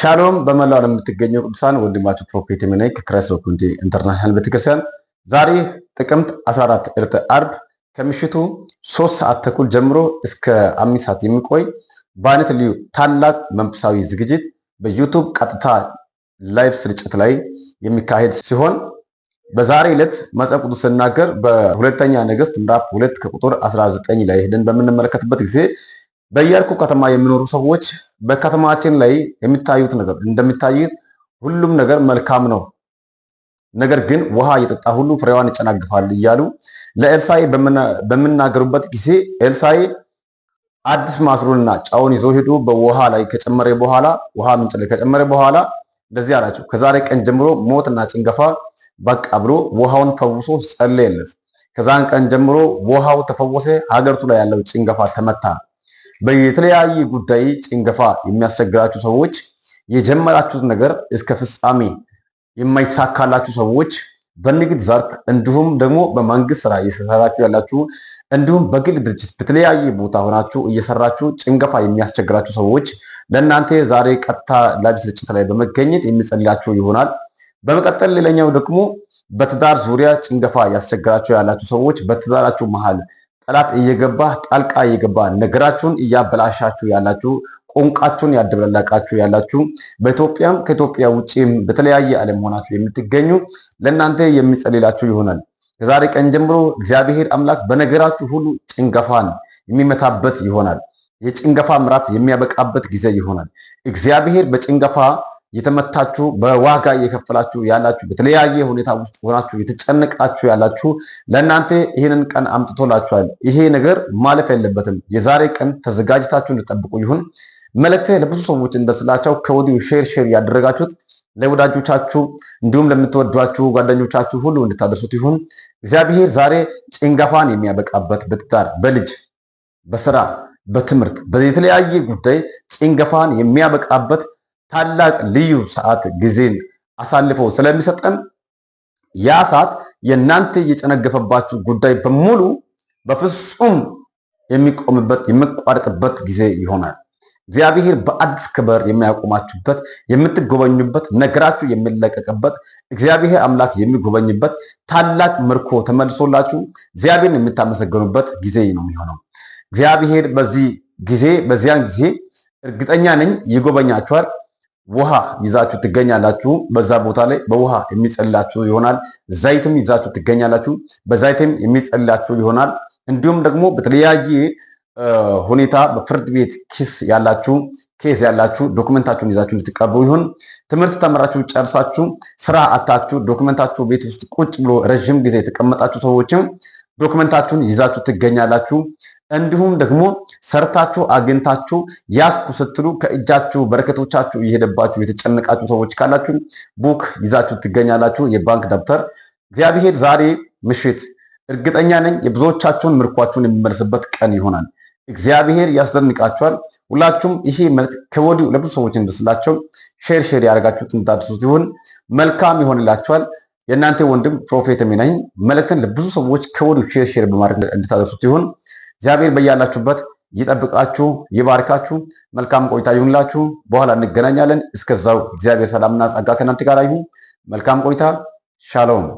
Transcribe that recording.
ሻሎም በመላው ዓለም የምትገኘው ቅዱሳን ወንድማችሁ ፕሮፌት ሚናይ ከክራይስት ሮክ ኮሚኒቲ ኢንተርናሽናል ቤተክርስቲያን ዛሬ ጥቅምት 14 ዕለተ አርብ ከምሽቱ ሶስት ሰዓት ተኩል ጀምሮ እስከ አምስት ሰዓት የሚቆይ በአይነት ልዩ ታላቅ መንፈሳዊ ዝግጅት በዩቱብ ቀጥታ ላይቭ ስርጭት ላይ የሚካሄድ ሲሆን በዛሬ ዕለት መጽሐፍ ቅዱስ ስናገር በሁለተኛ ነገሥት ምዕራፍ ሁለት ከቁጥር 19 ላይ ሄደን በምንመለከትበት ጊዜ በየርኩ ከተማ የሚኖሩ ሰዎች በከተማችን ላይ የሚታዩት ነገር እንደሚታይት ሁሉም ነገር መልካም ነው፣ ነገር ግን ውሃ እየጠጣ ሁሉ ፍሬዋን ይጨናግፋል እያሉ ለኤልሳይ በምናገሩበት ጊዜ ኤልሳይ አዲስ ማስሮንና ጨውን ይዞ ሄዶ በውሃ ላይ ከጨመረ በኋላ ውሃ ምንጭ ላይ ከጨመረ በኋላ እንደዚህ አላቸው፣ ከዛሬ ቀን ጀምሮ ሞትና ጭንገፋ በቃ ብሎ ውሃውን ፈውሶ ጸለየለት። ከዛን ቀን ጀምሮ ውሃው ተፈወሰ፣ ሀገርቱ ላይ ያለው ጭንገፋ ተመታ። በየተለያየ ጉዳይ ጭንገፋ የሚያስቸግራችሁ ሰዎች፣ የጀመራችሁት ነገር እስከ ፍጻሜ የማይሳካላችሁ ሰዎች፣ በንግድ ዘርፍ እንዲሁም ደግሞ በመንግስት ስራ እየሰራችሁ ያላችሁ እንዲሁም በግል ድርጅት በተለያየ ቦታ ሆናችሁ እየሰራችሁ ጭንገፋ የሚያስቸግራችሁ ሰዎች ለእናንተ ዛሬ ቀጥታ ላይቭ ስርጭት ላይ በመገኘት የሚጸልያችሁ ይሆናል። በመቀጠል ሌላኛው ደግሞ በትዳር ዙሪያ ጭንገፋ ያስቸግራችሁ ያላችሁ ሰዎች በትዳራችሁ መሃል ጠላት እየገባ ጣልቃ እየገባ ነገራችሁን እያበላሻችሁ ያላችሁ ቋንቋችሁን ያደበላለቃችሁ ያላችሁ በኢትዮጵያም ከኢትዮጵያ ውጭም በተለያየ ዓለም ሆናችሁ የምትገኙ ለእናንተ የሚጸልላችሁ ይሆናል። ከዛሬ ቀን ጀምሮ እግዚአብሔር አምላክ በነገራችሁ ሁሉ ጭንገፋን የሚመታበት ይሆናል። የጭንገፋ ምዕራፍ የሚያበቃበት ጊዜ ይሆናል። እግዚአብሔር በጭንገፋ የተመታችሁ በዋጋ እየከፈላችሁ ያላችሁ በተለያየ ሁኔታ ውስጥ ሆናችሁ የተጨነቃችሁ ያላችሁ ለእናንተ ይህንን ቀን አምጥቶላችኋል። ይሄ ነገር ማለፍ የለበትም። የዛሬ ቀን ተዘጋጅታችሁ እንድጠብቁ ይሁን መልእክቴ ለብዙ ሰዎች እንደስላቸው ከወዲሁ ሼር ሼር ያደረጋችሁት ለወዳጆቻችሁ እንዲሁም ለምትወዷችሁ ጓደኞቻችሁ ሁሉ እንድታደርሱት ይሁን። እግዚአብሔር ዛሬ ጭንጋፋን የሚያበቃበት በትዳር በልጅ በስራ በትምህርት በተለያየ ጉዳይ ጭንገፋን የሚያበቃበት ታላቅ ልዩ ሰዓት ጊዜን አሳልፎ ስለሚሰጠን ያ ሰዓት የእናንተ የጨነገፈባችሁ ጉዳይ በሙሉ በፍጹም የሚቆምበት የሚቋረጥበት ጊዜ ይሆናል። እግዚአብሔር በአዲስ ክብር የሚያቆማችሁበት የምትጎበኙበት ነገራችሁ የሚለቀቅበት እግዚአብሔር አምላክ የሚጎበኝበት ታላቅ ምርኮ ተመልሶላችሁ እግዚአብሔር የምታመሰገኑበት ጊዜ ነው የሚሆነው። እግዚአብሔር በዚህ ጊዜ በዚያን ጊዜ እርግጠኛ ነኝ ይጎበኛችኋል። ውሃ ይዛችሁ ትገኛላችሁ። በዛ ቦታ ላይ በውሃ የሚጸልላችሁ ይሆናል። ዘይትም ይዛችሁ ትገኛላችሁ። በዘይትም የሚጸልላችሁ ይሆናል። እንዲሁም ደግሞ በተለያየ ሁኔታ በፍርድ ቤት ኪስ ያላችሁ ኬዝ ያላችሁ ዶክመንታችሁን ይዛችሁ እንድትቀርቡ ይሁን። ትምህርት ተምራችሁ ጨርሳችሁ ስራ አታችሁ ዶክመንታችሁ ቤት ውስጥ ቁጭ ብሎ ረዥም ጊዜ የተቀመጣችሁ ሰዎችም ዶክመንታችሁን ይዛችሁ ትገኛላችሁ። እንዲሁም ደግሞ ሰርታችሁ አግኝታችሁ ያስኩ ስትሉ ከእጃችሁ በረከቶቻችሁ እየሄደባችሁ የተጨነቃችሁ ሰዎች ካላችሁ ቡክ ይዛችሁ ትገኛላችሁ። የባንክ ደብተር እግዚአብሔር ዛሬ ምሽት እርግጠኛ ነኝ የብዙዎቻችሁን ምርኳችሁን የሚመልስበት ቀን ይሆናል። እግዚአብሔር ያስደንቃችኋል። ሁላችሁም ይሄ መልክ ከወዲሁ ለብዙ ሰዎች እንደስላቸው ሼር ሼር ያደርጋችሁት እንዳትሱት ሲሆን መልካም ይሆንላችኋል። የእናንተ ወንድም ፕሮፌት ነኝ። መልእክትን ለብዙ ሰዎች ከወዲሁ ሼር ሼር በማድረግ እንድታደርሱት ይሁን። እግዚአብሔር በያላችሁበት ይጠብቃችሁ፣ ይባርካችሁ። መልካም ቆይታ ይሁንላችሁ። በኋላ እንገናኛለን። እስከዛው እግዚአብሔር ሰላምና ጸጋ ከእናንተ ጋር ይሁን። መልካም ቆይታ። ሻሎም